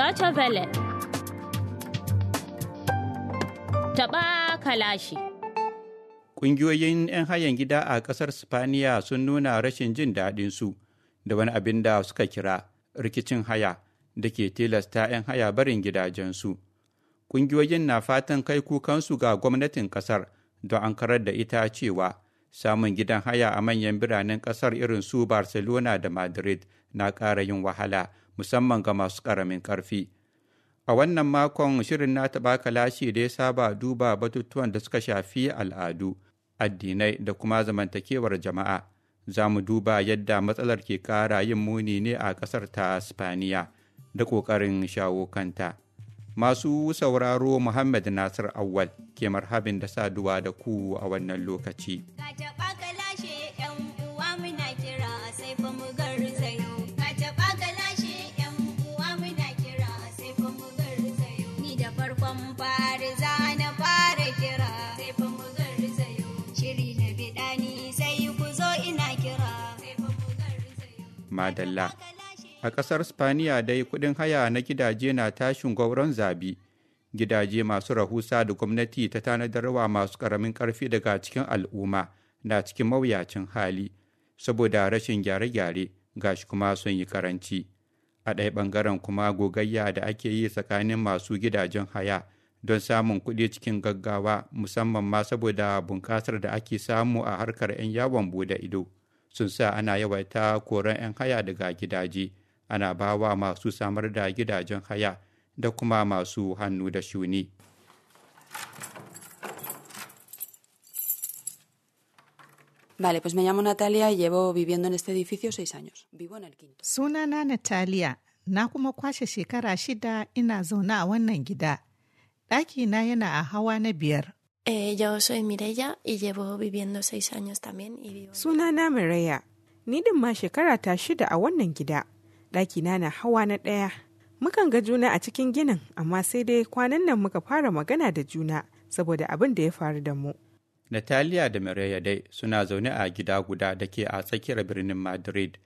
Deutsche Welle. Taba kalashi. Ƙungiyoyin 'yan hayan gida a ƙasar Spaniya sun nuna rashin jin daɗinsu da wani abin da suka kira rikicin haya da ke tilasta 'yan haya barin gidajensu. Ƙungiyoyin na fatan kai kukansu ga gwamnatin ƙasar don an karar da ita cewa samun gidan haya a manyan biranen ƙasar irin su Barcelona da Madrid na ƙara yin wahala. musamman ga masu ƙaramin ƙarfi. A wannan makon shirin na baka lashe da ya saba duba batutuwan da suka shafi al'adu, addinai da kuma zamantakewar jama'a. Za mu duba yadda matsalar ke ƙara yin muni ne a ƙasar ta Spaniya da ƙoƙarin shawo kanta. Masu sauraro Muhammad Nasir Awal ke marhabin da saduwa da ku a wannan lokaci. madalla a ƙasar spaniya dai kuɗin haya na gidaje na tashin gwauron zabi gidaje masu rahusa da gwamnati ta tanadarwa masu ƙaramin ƙarfi daga cikin al'umma na cikin mawuyacin hali saboda rashin gyare-gyare gashi kuma sun yi karanci a ɗaya ɓangaren kuma gogayya da ake yi tsakanin masu gidajen haya don samun kuɗi cikin gaggawa musamman ma saboda bunƙasar da ake samu a harkar 'yan yawon bude ido. sun sa ana yawaita koran 'yan haya daga gidaje ana bawa masu samar da gidajen haya da kuma masu hannu da shuni. Vale, pues me llamo Natalia y llevo viviendo en este edificio seis años. Vivo en el quinto. Sunana Natalia, na kuma kwashe shekara shida ina zaune a wannan gida. Ɗakina yana a hawa na biyar. Eh, yo soy Mireya y llevo viviendo seis años también. Y vivo... Sunana Mireya, ni din ma shekara ta shida a wannan gida, ɗakina na hawa na ɗaya. Mukan ga juna a cikin ginin, amma sai dai kwanan nan muka fara magana da juna saboda abin da ya faru da mu. Natalia da Mireya dai suna zaune a gida guda da ke a tsakiyar birnin Madrid.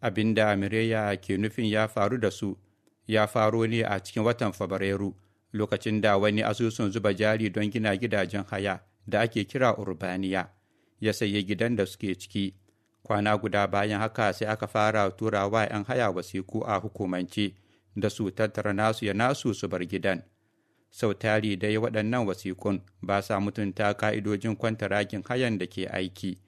Abin da Mireya ke nufin ya faru da su, ya faro ne a cikin watan Fabrairu. lokacin da wani asusun zuba jari don gina gidajen haya da ake kira urbaniya ya sayi gidan da suke ciki kwana guda bayan haka sai aka fara tura wa 'yan haya wasiku a hukumance da su tattara nasu ya nasu su bar gidan sau tari dai waɗannan wasikun ba sa mutunta ka'idojin kwantaragin hayan da ke aiki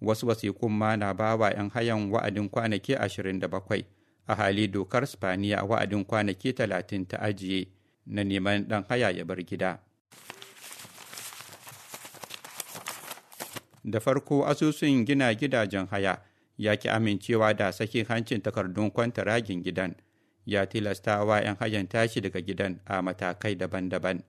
wasu wasikun ma na ba wa 'yan hayan wa'adin kwanaki 27 a hali dokar spaniya wa'adin kwanaki 30 ta ajiye na neman ɗan haya ya bar gida. Da farko asusun gina gidajen haya ya ki amincewa da sakin hancin takardun kwanta ragin gidan ya tilasta wa 'yan hayan tashi daga gidan a matakai daban-daban.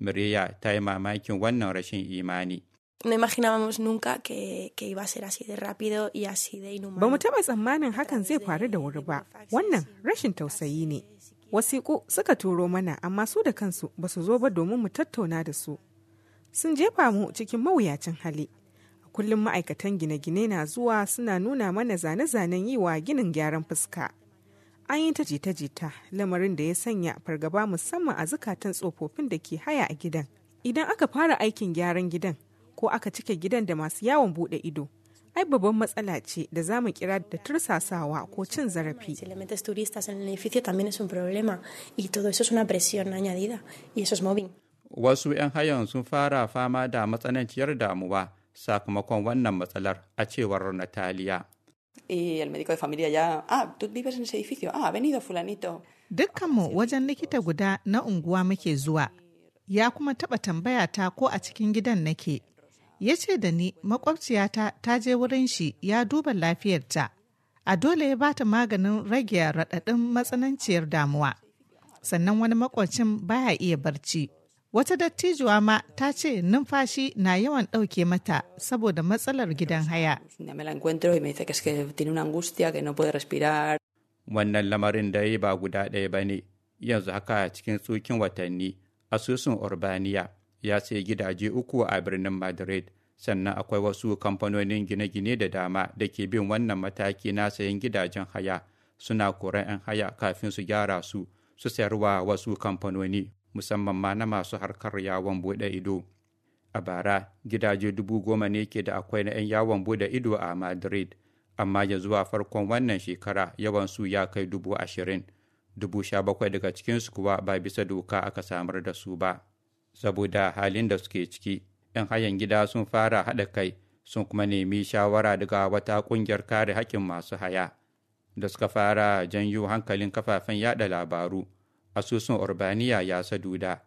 mireya ta yi mamakin wannan rashin imani. no imaginábamos nunca que, que iba a ser así de rápido y así de inhumano. Ba mu taɓa tsammanin hakan zai faru da wuri ba. Wannan rashin tausayi ne. wasiƙu suka turo mana amma su da kansu ba su zo ba domin mu tattauna da su sun jefa mu cikin mawuyacin hali kullum ma'aikatan gine-gine na zuwa suna nuna mana zane-zanen yi wa ginin gyaran fuska an yi ta jita-jita lamarin da ya sanya fargaba musamman a zukatan tsofaffin da ke haya a gidan idan aka fara aikin gyaran gidan ko aka cike gidan da masu yawon bude ido ai babban matsala ce da za mu kira da tursasawa ko cin zarafi. Wasu 'yan hayan sun fara fama da matsananciyar damuwa sakamakon wannan matsalar a cewar Nataliya. Ah, ah, Dukkanmu wajen likita guda na unguwa muke zuwa, ya kuma taɓa tambaya ta ko a cikin gidan nake. ya ce da ni makwabciyata ta je wurin shi ya duba lafiyarta a dole ya bata maganin rage raɗaɗin matsananciyar damuwa sannan wani makwacin baya iya barci wata dattijuwa ma ta ce numfashi na yawan ɗauke mata saboda matsalar gidan haya wannan lamarin da ba guda ɗaya ba ne yanzu haka cikin tsukin watanni asusun urbaniya ya sayi gidaje uku a birnin madrid sannan akwai wasu kamfanonin gine-gine da dama da ke bin wannan mataki na sayan gidajen haya suna koran 'yan haya kafin su gyara su su sayarwa wasu kamfanoni musamman ma na masu harkar yawon bude ido a bara gidaje dubu goma ne ke da akwai na 'yan yawon bude ido a madrid amma ya zuwa farkon wannan shekara yawan su ya kai dubu ashirin dubu sha bakwai daga cikinsu kuwa ba bisa doka aka samar da su ba saboda halin da suke ciki 'yan hayan gida sun fara haɗa kai sun kuma nemi shawara daga wata ƙungiyar kare haƙƙin masu haya da suka fara janyo hankalin kafafen yaɗa labaru asusun urbaniya ya saduda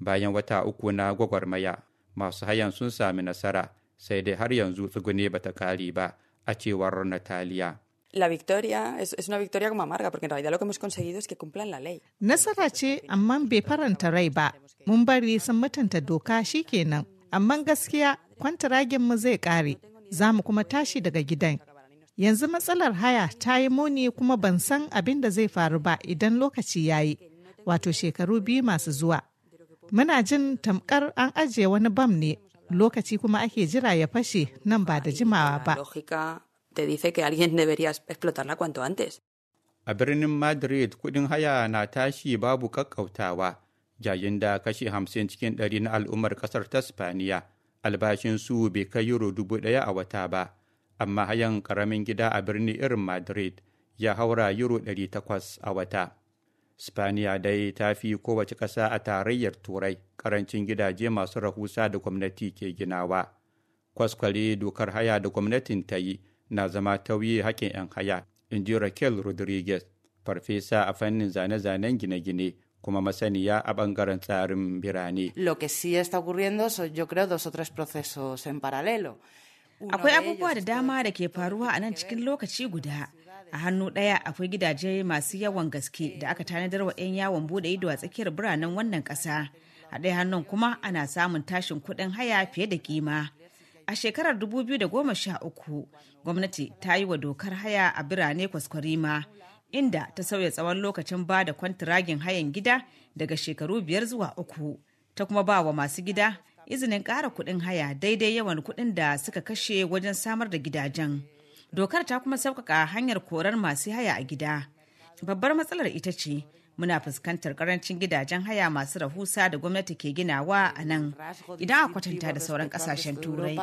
bayan wata uku na gwagwarmaya masu hayan sun sami nasara sai dai har yanzu tsugune bata kare ba a cewar nataliya la victoria es, es, una victoria como amarga, porque en realidad lo que hemos conseguido es que cumplan la ley. Nasara ce, amma bai faranta rai ba, mun bari sun mutunta doka shi kenan, amma gaskiya kwantaragen mu zai kare, za mu kuma tashi daga gidan. Yanzu matsalar haya ta yi muni kuma ban san abin da zai faru ba idan lokaci ya yi, wato shekaru biyu masu zuwa. Muna jin tamkar an ajiye wani bam ne, lokaci kuma ake jira ya fashe nan ba da jimawa ba. te dice que alguien debería explotarla cuanto antes. A birnin Madrid kudin haya na tashi babu kakkautawa yayin da kashi hamsin cikin ɗari na al'ummar ƙasar ta Spaniya albashin su bai kai yuro dubu ɗaya a wata ba, amma hayan ƙaramin gida a birnin irin Madrid ya haura yuro ɗari takwas a wata. Spaniya dai ta fi kowace ƙasa a tarayyar Turai ƙarancin gidaje masu rahusa da gwamnati ke ginawa. Kwaskwale dokar haya da gwamnatin ta yi na zama tauye haƙƙin 'yan haya in ji raquel rodriguez farfesa a fannin zane-zanen gine-gine kuma masaniya a bangaren tsarin birane. Lo que sí está ocurriendo son, yo creo, dos o procesos en paralelo. Akwai abubuwa da dama da ke faruwa a nan cikin lokaci guda. A hannu ɗaya akwai gidaje masu yawan gaske da aka tanadar wa 'yan yawon bude ido a tsakiyar biranen wannan ƙasa. A ɗaya hannun kuma ana samun tashin kuɗin haya fiye da kima. A shekarar 2013, gwamnati ta yi wa dokar haya a birane kwaskwarima, inda ta sauya tsawon lokacin ba da kwantiragin hayan gida daga shekaru biyar zuwa uku, ta kuma ba wa masu gida izinin ƙara kuɗin haya daidai yawan kuɗin da suka kashe wajen samar da gidajen. Dokar ta kuma sauƙaƙa hanyar korar masu haya a gida. Babbar matsalar ita ce muna fuskantar karancin gidajen haya masu rahusa da gwamnati ke ginawa a nan idan a kwatanta da sauran kasashen turai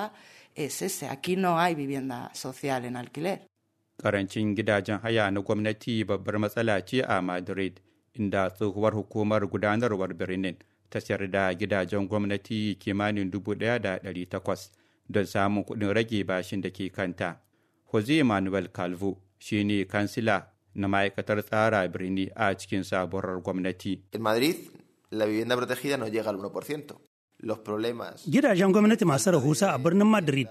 karancin eh, gidajen haya na gwamnati babbar matsala ce a madrid inda tsohuwar hukumar gudanarwar birnin ta sayar da gidajen gwamnati kimanin 1,800 don samun kuɗin rage bashin da ke kanta jose manuel calvo shine kansila na ma'aikatar tsara birni a cikin sabuwar gwamnati. In Madrid, la vivienda protegida no llega al 1%. Los problemas... Gidajen gwamnati masu rahusa a birnin Madrid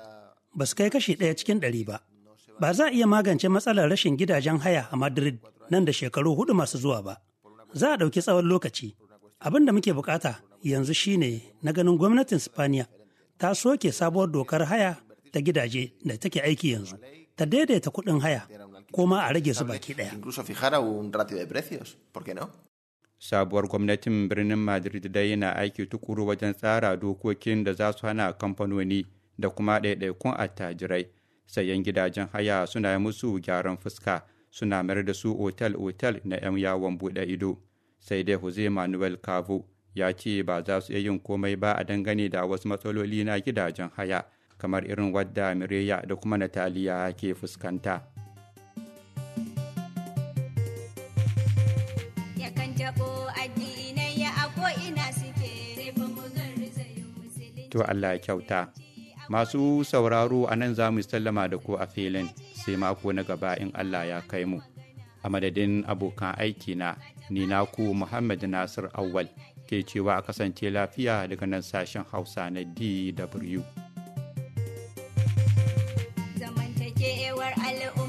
ba su kai kashi ɗaya cikin ɗari ba. Ba za a iya magance matsalar rashin gidajen haya a Madrid nan da shekaru hudu masu zuwa ba. Za a ɗauki tsawon lokaci. Abin da muke bukata yanzu shine na ganin gwamnatin Spaniya ta soke sabuwar dokar haya ta gidaje da take aiki yanzu ta daidaita kuɗin haya ko a rage su baki ɗaya. Sabuwar gwamnatin birnin Madrid dai yana aiki tukuru wajen tsara dokokin da za su hana kamfanoni da kuma ɗaiɗaikun attajirai. Sayan gidajen haya suna musu gyaran fuska suna mayar da su otal-otal na 'yan yawon buɗe ido. Sai dai Jose Manuel Cavo ya ce ba za su iya yin komai ba a dangane da wasu matsaloli na gidajen haya. kamar irin wadda Mireya da kuma Nataliya ke fuskanta. To Allah kyauta. Masu sauraro a nan za mu sallama da ku a filin sai mako na gaba in Allah ya kai mu. A madadin abokan aiki na ni naku Muhammad Nasir Awal ke cewa a kasance lafiya daga nan sashen Hausa na DW. where I live.